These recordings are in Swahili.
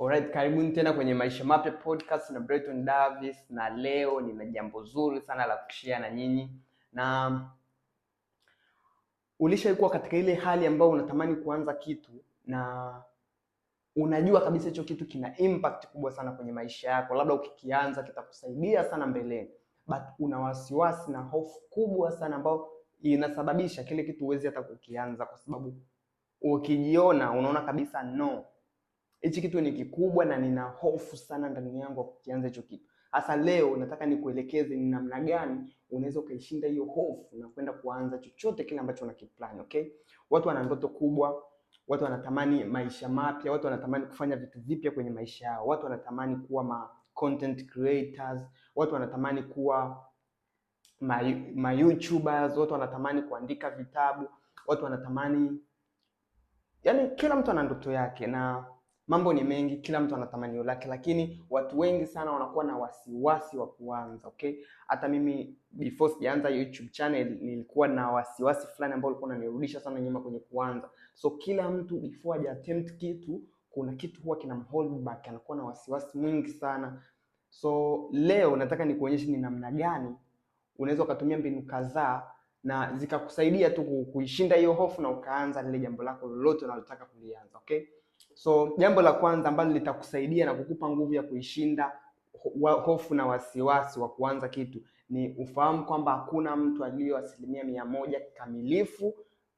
Alright, karibuni tena kwenye Maisha Mapya Podcast na Breton Davis, na leo nina jambo zuri sana la kushia na nyinyi. Na ulishaikuwa katika ile hali ambayo unatamani kuanza kitu na unajua kabisa hicho kitu kina impact kubwa sana kwenye maisha yako, labda ukikianza kitakusaidia sana mbeleni, but una wasiwasi na hofu kubwa sana ambayo inasababisha kile kitu huwezi hata kukianza, kwa sababu ukijiona unaona kabisa no hichi kitu ni kikubwa na nina hofu sana ndani yangu kukianza hicho kitu. Hasa leo nataka nikuelekeze ni namna gani unaweza ukaishinda hiyo hofu na kwenda kuanza chochote kile ambacho unakiplan, okay? Watu wana ndoto kubwa, watu wanatamani maisha mapya, watu wanatamani kufanya vitu vipya kwenye maisha yao, watu wanatamani kuwa ma content creators, watu wanatamani kuwa ma, ma YouTubers, watu wanatamani kuandika vitabu, watu wanatamani, yani kila mtu ana ndoto yake na Mambo ni mengi, kila mtu ana tamanio lake, lakini watu wengi sana wanakuwa na wasiwasi wa kuanza. Okay, hata mimi before sijaanza YouTube channel nilikuwa na wasiwasi fulani ambao ulikuwa unanirudisha sana nyuma kwenye kuanza. So kila mtu before haja attempt kitu, kuna kitu huwa kina hold back, anakuwa na wasiwasi mwingi sana. So leo nataka nikuonyeshe ni namna gani unaweza ukatumia mbinu kadhaa na zikakusaidia tu kuishinda hiyo hofu na ukaanza lile jambo lako lolote unalotaka kulianza. Okay. So jambo la kwanza ambalo litakusaidia na kukupa nguvu ya kuishinda hofu na wasiwasi wa kuanza kitu ni ufahamu kwamba hakuna mtu aliyo asilimia mia moja kikamilifu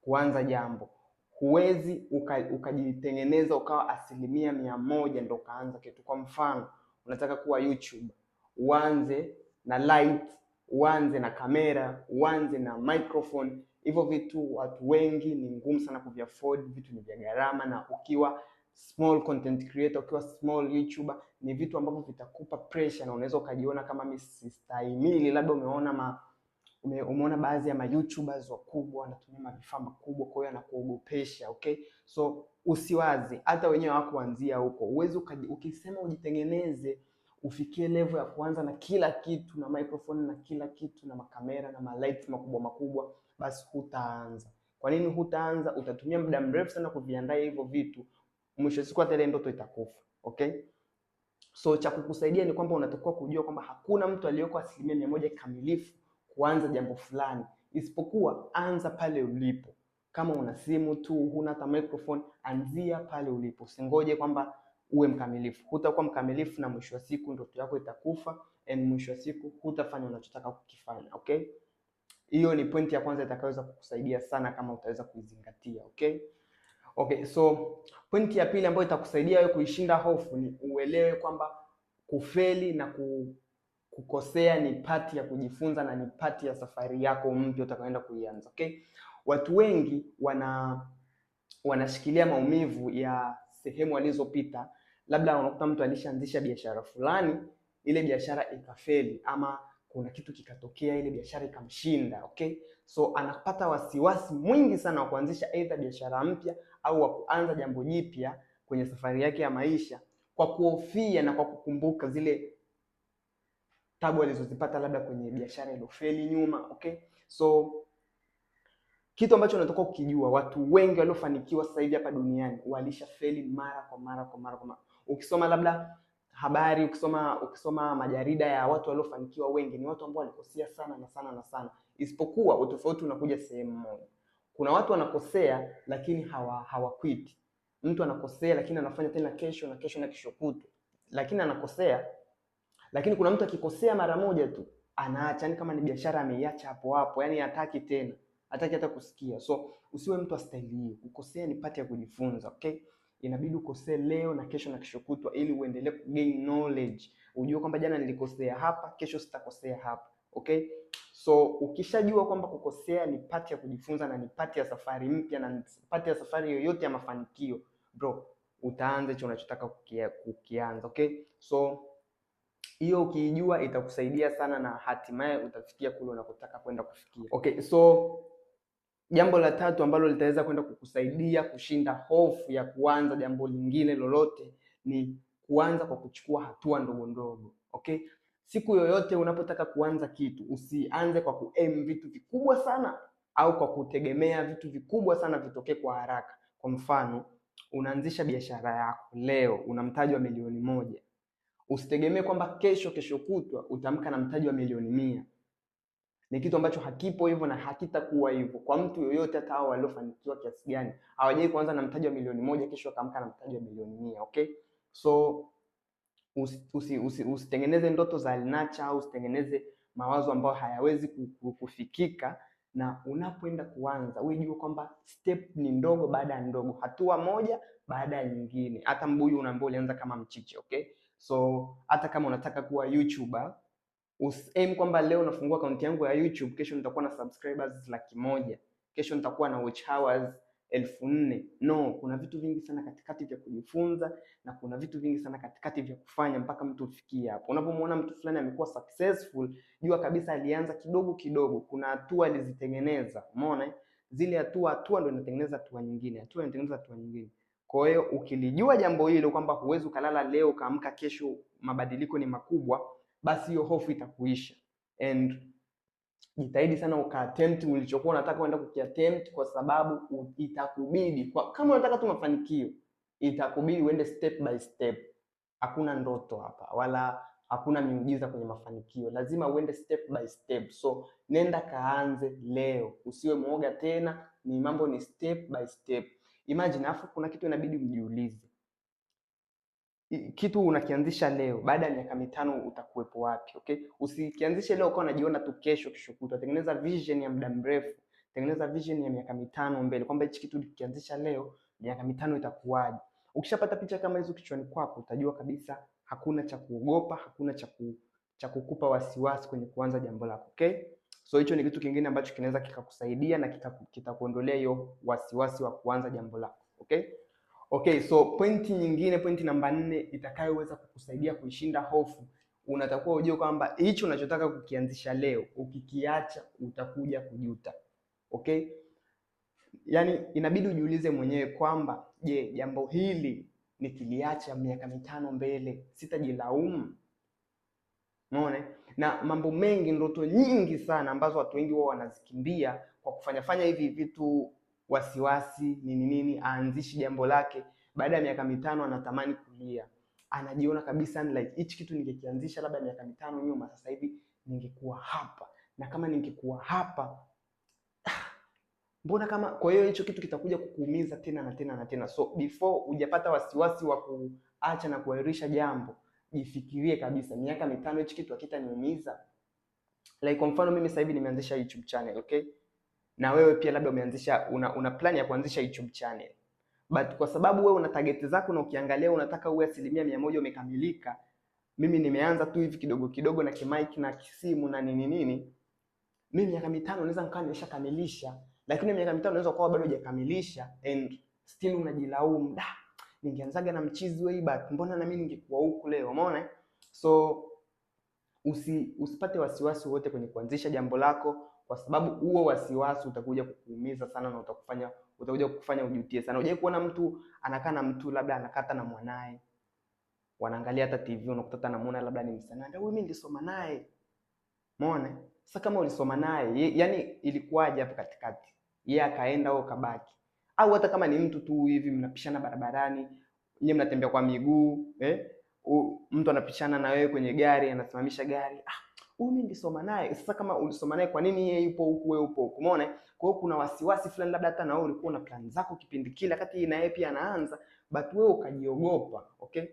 kuanza jambo. Huwezi ukajitengeneza uka ukawa asilimia mia moja ndo ukaanza kitu. Kwa mfano, unataka kuwa YouTube, uanze na light, uanze na kamera, uanze na microphone. Hivyo vitu watu wengi ni ngumu sana kuviafford, vitu ni vya gharama, na ukiwa small content creator, ukiwa small YouTuber, ni vitu ambavyo vitakupa pressure na unaweza ukajiona kama mimi sistahimili. Labda umeona ma, ume, umeona baadhi ya ma YouTubers wakubwa wanatumia mavifaa makubwa, kwa hiyo anakuogopesha. Okay, so usiwazi, hata wenyewe hawakuanzia huko. uwezi ukisema ujitengeneze ufikie level ya kuanza na kila kitu na microphone na kila kitu na makamera na malights makubwa makubwa, basi hutaanza. Kwa nini hutaanza? Utatumia muda mrefu sana kuviandaa hivyo vitu mwisho siku hata ile ndoto itakufa. Okay, so cha kukusaidia ni kwamba unatakiwa kujua kwamba hakuna mtu aliyoko asilimia mia moja kamilifu kuanza jambo fulani, isipokuwa anza pale ulipo. Kama una simu tu, huna hata microphone, anzia pale ulipo. Usingoje kwamba uwe mkamilifu, hutakuwa mkamilifu na mwisho wa siku ndoto yako itakufa, and mwisho wa siku hutafanya unachotaka kukifanya. Okay, hiyo ni pointi ya kwanza itakayoweza kukusaidia sana kama utaweza kuizingatia. Okay. Okay, so pointi ya pili ambayo itakusaidia wewe kuishinda hofu ni uelewe kwamba kufeli na kukosea ni pati ya kujifunza na ni pati ya safari yako mpya utakayoenda kuianza. Okay, watu wengi wana wanashikilia maumivu ya sehemu walizopita. Labda unakuta mtu alishaanzisha biashara fulani, ile biashara ikafeli, ama kuna kitu kikatokea, ile biashara ikamshinda. Okay, so anapata wasiwasi mwingi sana wa kuanzisha aidha biashara mpya au wa kuanza jambo jipya kwenye safari yake ya maisha kwa kuhofia na kwa kukumbuka zile tabu alizozipata labda kwenye biashara iliyofeli nyuma. Okay, so kitu ambacho unatoka kukijua, watu wengi waliofanikiwa sasa hivi hapa duniani walishafeli mara kwa mara kwa mara kwa mara. Ukisoma labda habari, ukisoma ukisoma majarida ya watu waliofanikiwa, wengi ni watu ambao walikosea sana na sana na sana isipokuwa utofauti unakuja sehemu moja. Kuna watu wanakosea lakini hawa hawakwiti. Mtu anakosea lakini anafanya tena kesho na kesho na kesho kutwa, lakini anakosea. Lakini kuna mtu akikosea mara moja tu anaacha, yani kama ni biashara ameiacha hapo hapo, yani hataki tena, hataki hata kusikia. So usiwe mtu astaili hiyo. Kukosea ni pati ya kujifunza, okay? Inabidi ukosee leo na kesho na kesho kutwa, ili uendelee kugain knowledge, ujue kwamba jana nilikosea hapa, kesho sitakosea hapa. Okay, so ukishajua kwamba kukosea ni pati ya kujifunza na ni pati ya safari mpya na pati ya safari yoyote ya mafanikio bro, utaanza hicho unachotaka kukianza. Okay, so hiyo ukiijua itakusaidia sana na hatimaye utafikia kule unakotaka kwenda kufikia. Okay, so jambo la tatu ambalo litaweza kwenda kukusaidia kushinda hofu ya kuanza jambo lingine lolote ni kuanza kwa kuchukua hatua ndogo ndogo. Okay, Siku yoyote unapotaka kuanza kitu, usianze kwa kuaim vitu vikubwa sana au kwa kutegemea vitu vikubwa sana vitokee kwa haraka. Kwa mfano, unaanzisha biashara yako leo, una mtaji wa milioni moja, usitegemee kwamba kesho, kesho kutwa utamka na mtaji wa milioni mia. Ni kitu ambacho hakipo hivyo na hakitakuwa hivyo kwa mtu yoyote, hata hao waliofanikiwa kiasi gani, hawajai kuanza na mtaji wa milioni moja, kesho wakaamka na mtaji wa milioni mia. Okay, so usitengeneze usi, usi, ndoto za au usitengeneze mawazo ambayo hayawezi kufikika. Na unapoenda kuanza ujue kwamba step ni ndogo baada ya ndogo, hatua moja baada ya nyingine. Hata mbuyu unaambia ulianza kama mchiche, okay? So hata kama unataka kuwa YouTuber usim kwamba leo nafungua akaunti yangu ya YouTube, kesho nitakuwa na subscribers laki moja, kesho nitakuwa na watch hours elfu nne. No, kuna vitu vingi sana katikati vya kujifunza na kuna vitu vingi sana katikati vya kufanya mpaka mtu ufikie hapo. Unapomwona mtu fulani amekuwa successful, jua kabisa alianza kidogo kidogo, kuna hatua alizitengeneza. Umeona zile hatua, hatua ndio inatengeneza hatua nyingine, hatua inatengeneza hatua nyingine. Kwa hiyo ukilijua jambo hilo kwamba huwezi ukalala leo ukaamka kesho mabadiliko ni makubwa, basi hiyo hofu itakuisha and jitahidi sana ukaattempt ulichokuwa unataka kwenda kukiattempt, kwa sababu itakubidi kwa, kama unataka tu mafanikio itakubidi uende step by step. Hakuna ndoto hapa wala hakuna miujiza kwenye mafanikio, lazima uende step by step. So nenda kaanze leo, usiwe mwoga tena, ni mambo ni step by step. Imagine afu kuna kitu inabidi mjiulize kitu unakianzisha leo, baada ya miaka mitano utakuwepo wapi? Okay, usikianzishe leo kwa unajiona tu kesho kesho kutwa. Tengeneza vision ya muda mrefu, tengeneza vision ya miaka mitano mbele, kwamba hichi kitu ukianzisha leo, miaka mitano itakuwaje? Ukishapata picha kama hizo kichwani kwako, utajua kabisa hakuna cha kuogopa, hakuna cha ku, cha kukupa wasiwasi kwenye kuanza jambo lako. Okay, so hicho ni kitu kingine ambacho kinaweza kikakusaidia na kitakuondolea kita hiyo wasiwasi wa kuanza jambo lako okay. Okay, so pointi nyingine, pointi namba nne itakayoweza kukusaidia kuishinda hofu, unatakuwa ujue kwamba hicho unachotaka kukianzisha leo ukikiacha utakuja kujuta. Okay, yaani inabidi ujiulize mwenyewe kwamba je, jambo hili nikiliacha miaka mitano mbele sitajilaumu? Unaona? Na mambo mengi, ndoto nyingi sana ambazo watu wengi wao wanazikimbia kwa kufanyafanya hivi vitu wasiwasi, nini nini, aanzishi jambo lake, baada ya miaka mitano anatamani kulia, anajiona kabisa ni like hichi kitu ningekianzisha labda miaka mitano nyuma, sasa hivi ningekuwa hapa, na kama ningekuwa hapa mbona kama. Kwa hiyo hicho kitu kitakuja kukuumiza tena na tena na tena. So before hujapata wasiwasi wa kuacha na kuahirisha jambo, jifikirie kabisa, miaka mitano hichi kitu hakitaniumiza. Like kwa mfano mimi sasa hivi nimeanzisha YouTube channel, okay na wewe pia labda umeanzisha una, una plan ya kuanzisha YouTube channel but kwa sababu wewe una target zako na ukiangalia unataka uwe asilimia mia moja umekamilika. Mimi nimeanza tu hivi kidogo kidogo na kimic na kisimu na nini nini, mimi miaka mitano naweza nikawa nimeshakamilisha, lakini miaka mitano naweza kuwa bado hujakamilisha and still unajilaumu da, ningeanzaga na mchizi wewe, but mbona na mimi ningekuwa huku leo? Umeona, so usi, usipate wasiwasi wote kwenye kuanzisha jambo lako kwa sababu huo wasiwasi utakuja kukuumiza sana na utakufanya utakuja kukufanya ujutie sana. Unajai kuona mtu anakaa na mtu labda anakata na mwanae, wanaangalia hata TV, unakuta anamuona labda ni msanii, ndio huyu mimi nilisoma naye, umeona? Sasa kama ulisoma naye, yani ilikuwaje hapo katikati? Yeye akaenda au kabaki, au hata kama ni mtu tu hivi mnapishana barabarani, nyinyi mnatembea kwa miguu eh, mtu anapishana na wewe kwenye gari, anasimamisha gari ah huyu mimi nilisoma naye. Sasa kama ulisoma naye, kwa nini yeye yupo huku wewe upo huku? Umeona? Kwa hiyo kuna wasiwasi fulani, labda hata na wewe ulikuwa na plan zako kipindi kile, wakati na yeye pia anaanza, but wewe ukajiogopa. Okay,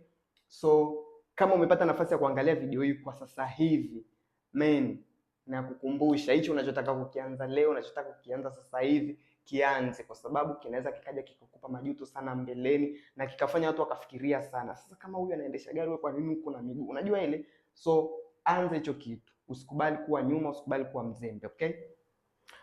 so kama umepata nafasi ya kuangalia video hii kwa sasa hivi, men, na kukumbusha hicho unachotaka kukianza leo, unachotaka kukianza sasa hivi kianze kwa sababu kinaweza kikaja kikakupa majuto sana mbeleni, na kikafanya watu wakafikiria sana. Sasa kama huyu anaendesha gari, wewe kwa nini uko na miguu? Unajua ile, so anze hicho kitu usikubali kuwa nyuma, usikubali kuwa mzembe. Okay,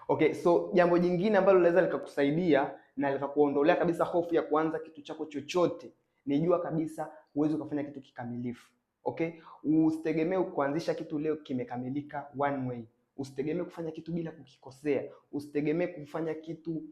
okay. So jambo jingine ambalo linaweza likakusaidia na likakuondolea kabisa hofu ya kuanza kitu chako chochote, nijua kabisa huwezi ukafanya kitu kikamilifu. Okay, usitegemee kuanzisha kitu leo kimekamilika one way. Usitegemee kufanya kitu bila kukikosea, usitegemee kufanya kitu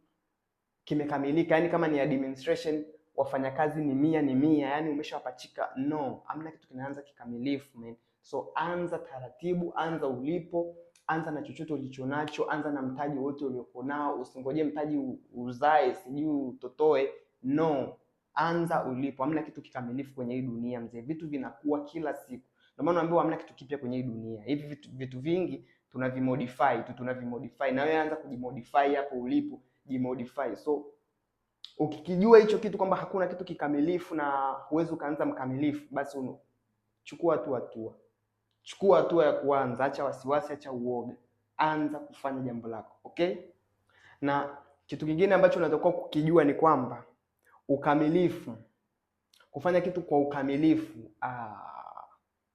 kimekamilika. Yani kama ni administration wafanyakazi ni mia ni mia, yani umeshawapachika. No, amna kitu kinaanza kikamilifu man. So anza taratibu, anza ulipo, anza na chochote ulichonacho, anza na mtaji wote uliokuwa nao. Usingoje mtaji uzae sijui utotoe, no, anza ulipo. Hamna kitu kikamilifu kwenye hii dunia mzee, vitu vinakuwa kila siku. Ndio maana naambiwa hamna kitu kipya kwenye hii dunia. Hivi vitu, vitu vingi tunavimodify tu, tunavimodify. Na wewe anza kujimodify hapo ulipo, jimodify. So ukikijua hicho kitu kwamba hakuna kitu kikamilifu na huwezi ukaanza mkamilifu, basi uno chukua tu hatua. Chukua hatua ya kuanza, acha wasiwasi, acha uoga, anza kufanya jambo lako, okay? Na kitu kingine ambacho unatakiwa kukijua ni kwamba ukamilifu, kufanya kitu kwa ukamilifu, aa, ah,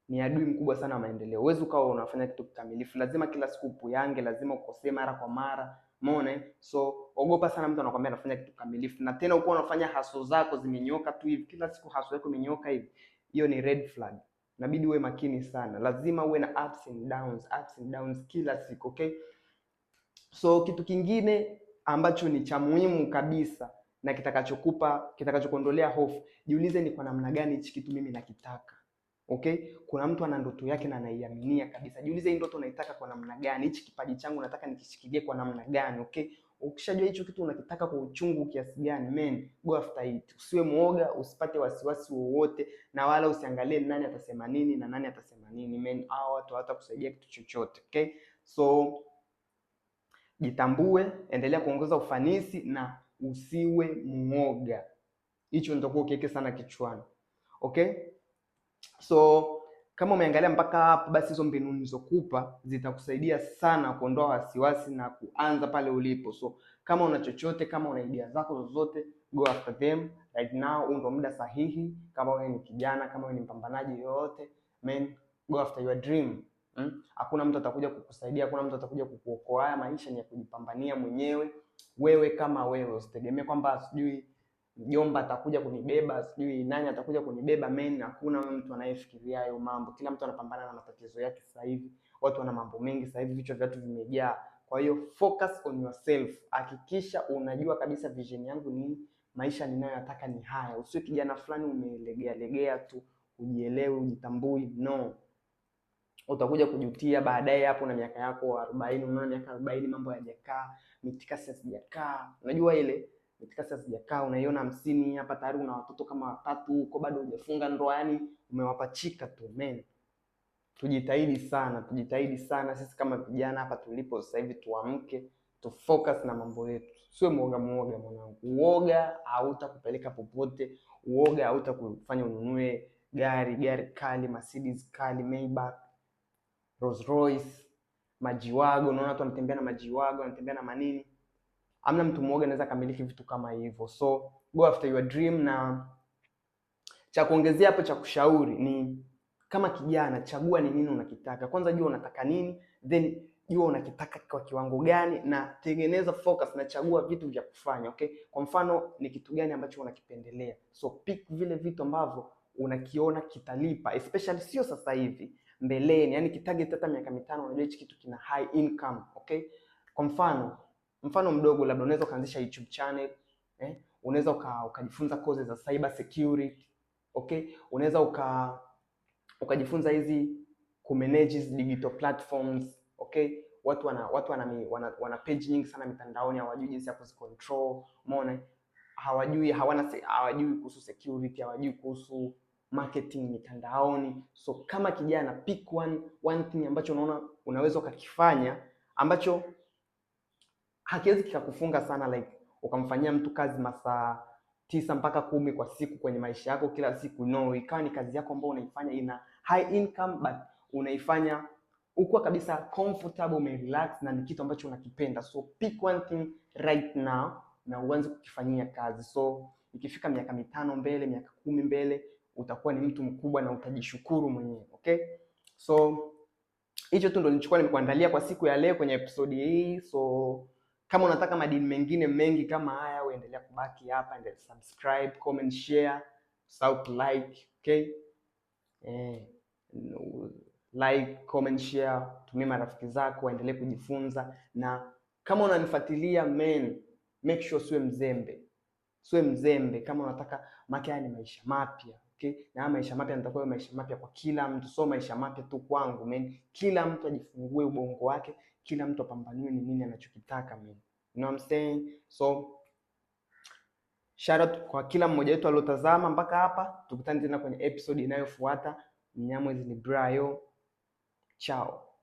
ni adui mkubwa sana wa maendeleo. Huwezi ukawa unafanya kitu kikamilifu, lazima kila siku upuyange, lazima ukosee mara kwa mara, Mone, eh? So ogopa sana mtu anakuambia anafanya kitu kamilifu, na tena uko unafanya haso zako zimenyoka tu hivi, kila siku haso yako imenyoka hivi, hiyo ni red flag. Inabidi uwe makini sana, lazima uwe na ups and downs, ups and downs kila siku okay. So kitu kingine ambacho ni cha muhimu kabisa na kitakachokupa kitakachokuondolea hofu, jiulize ni kwa namna gani hichi kitu mimi nakitaka. Okay, kuna mtu ana ndoto yake na anaiaminia kabisa. Jiulize hii ndoto naitaka kwa namna gani? Hichi kipaji changu nataka nikishikilie kwa namna gani? Okay, Ukishajua hicho kitu unakitaka kwa uchungu kiasi gani, men go after it. Usiwe mwoga, usipate wasiwasi wowote, na wala usiangalie nani atasema nini na nani atasema nini. Men, hao watu hawatakusaidia kitu chochote, okay? So jitambue, endelea kuongeza ufanisi na usiwe mwoga. Hicho nitakuwa ukiweke sana kichwani, okay? So kama umeangalia mpaka hapo, basi hizo mbinu nilizokupa zitakusaidia sana kuondoa wasiwasi na kuanza pale ulipo. So kama una chochote, kama una idea zako zozote, go after them right now. Huu ndo muda sahihi. Kama wewe ni kijana, kama wewe ni mpambanaji yoyote, man, go after your dream. Hmm? mtu atakuja kukusaidia, hakuna mtu atakuja kukuokoa. Haya maisha ni ya kujipambania mwenyewe, wewe kama wewe. Usitegemee kwamba sijui mjomba atakuja kunibeba, sijui nani atakuja kunibeba. Men, hakuna wewe mtu anayefikiria hayo mambo. Kila mtu anapambana na matatizo yake sasa hivi, watu wana mambo mengi sasa hivi, vichwa vya vimejaa. Kwa hiyo focus on yourself, hakikisha unajua kabisa vision yangu ni maisha ninayoyataka ni haya. Usiwe kijana fulani umelegea legea tu, ujielewe, ujitambui, no utakuja kujutia baadaye hapo na miaka yako arobaini. Unaona miaka arobaini mambo hayajakaa, mitikasi hazijakaa, unajua ile katika sasa sijakaa, unaiona hamsini hapa tayari una watoto kama watatu huko, bado hujafunga ndoa, yani umewapachika tu men. Tujitahidi sana, tujitahidi sana sisi kama vijana hapa tulipo sasa hivi, tuamke tu focus na mambo yetu, sio mwoga mwoga mwanangu. Uoga hautakupeleka popote, uoga hautakufanya ununue gari gari kali, Mercedes kali, Maybach, Rolls Royce, majiwago. Unaona watu wanatembea na majiwago, wanatembea na manini amna mtu mmoja anaweza kamiliki vitu kama hivyo, so go after your dream. Na cha kuongezea hapo cha kushauri ni kama kijana, chagua ni nini unakitaka kwanza, jua unataka nini, then jua unakitaka kwa kiwango gani, na tengeneza focus na chagua vitu vya kufanya okay. Kwa mfano ni kitu gani ambacho unakipendelea, so pick vile vitu ambavyo unakiona kitalipa, especially sio sasa hivi, mbeleni, yani kitarget hata miaka mitano, unajua hichi kitu kina high income okay. Kwa mfano Mfano mdogo, labda unaweza ukaanzisha YouTube channel eh? Unaweza ukajifunza uka kozi za cyber security okay? Unaweza uka ukajifunza hizi ku manage digital platforms okay? Watu wana watu wana, wana, wana page nyingi sana mitandaoni, hawajui jinsi ya kuzicontrol. Umeona, hawajui hawana hawajui kuhusu security, hawajui kuhusu marketing mitandaoni. So kama kijana, pick one one thing ambacho unaona unaweza ukakifanya ambacho hakiwezi kikakufunga sana like ukamfanyia mtu kazi masaa tisa mpaka kumi kwa siku kwenye maisha yako kila siku, no, ikawa ni kazi yako ambayo unaifanya ina high income but unaifanya ukuwa kabisa comfortable, umerelax na ni kitu ambacho unakipenda. So pick one thing right now na uanze kukifanyia kazi. So ikifika miaka mitano mbele, miaka kumi mbele, utakuwa ni mtu mkubwa na utajishukuru mwenyewe, okay? So hicho tu ndo nilichokuwa nimekuandalia kwa siku ya leo kwenye episode hii so kama unataka madini mengine mengi kama haya, uendelea kubaki hapa, endelea subscribe, comment, share, usahau ku like, okay? Eh, no, like, comment, share, tumia marafiki zako waendelee kujifunza, na kama unanifuatilia men, make sure usiwe mzembe, usiwe mzembe kama unataka maana ni maisha mapya Okay. Na maisha mapya nitakuwa maisha mapya kwa kila mtu, so maisha mapya tu kwangu men, kila mtu ajifungue ubongo wake kila mtu apambanue ni nini anachokitaka mimi. You know what I'm saying? So shout out kwa kila mmoja wetu aliotazama mpaka hapa. Tukutane tena kwenye episode inayofuata. Mnyamwezi ni Brayo. Chao.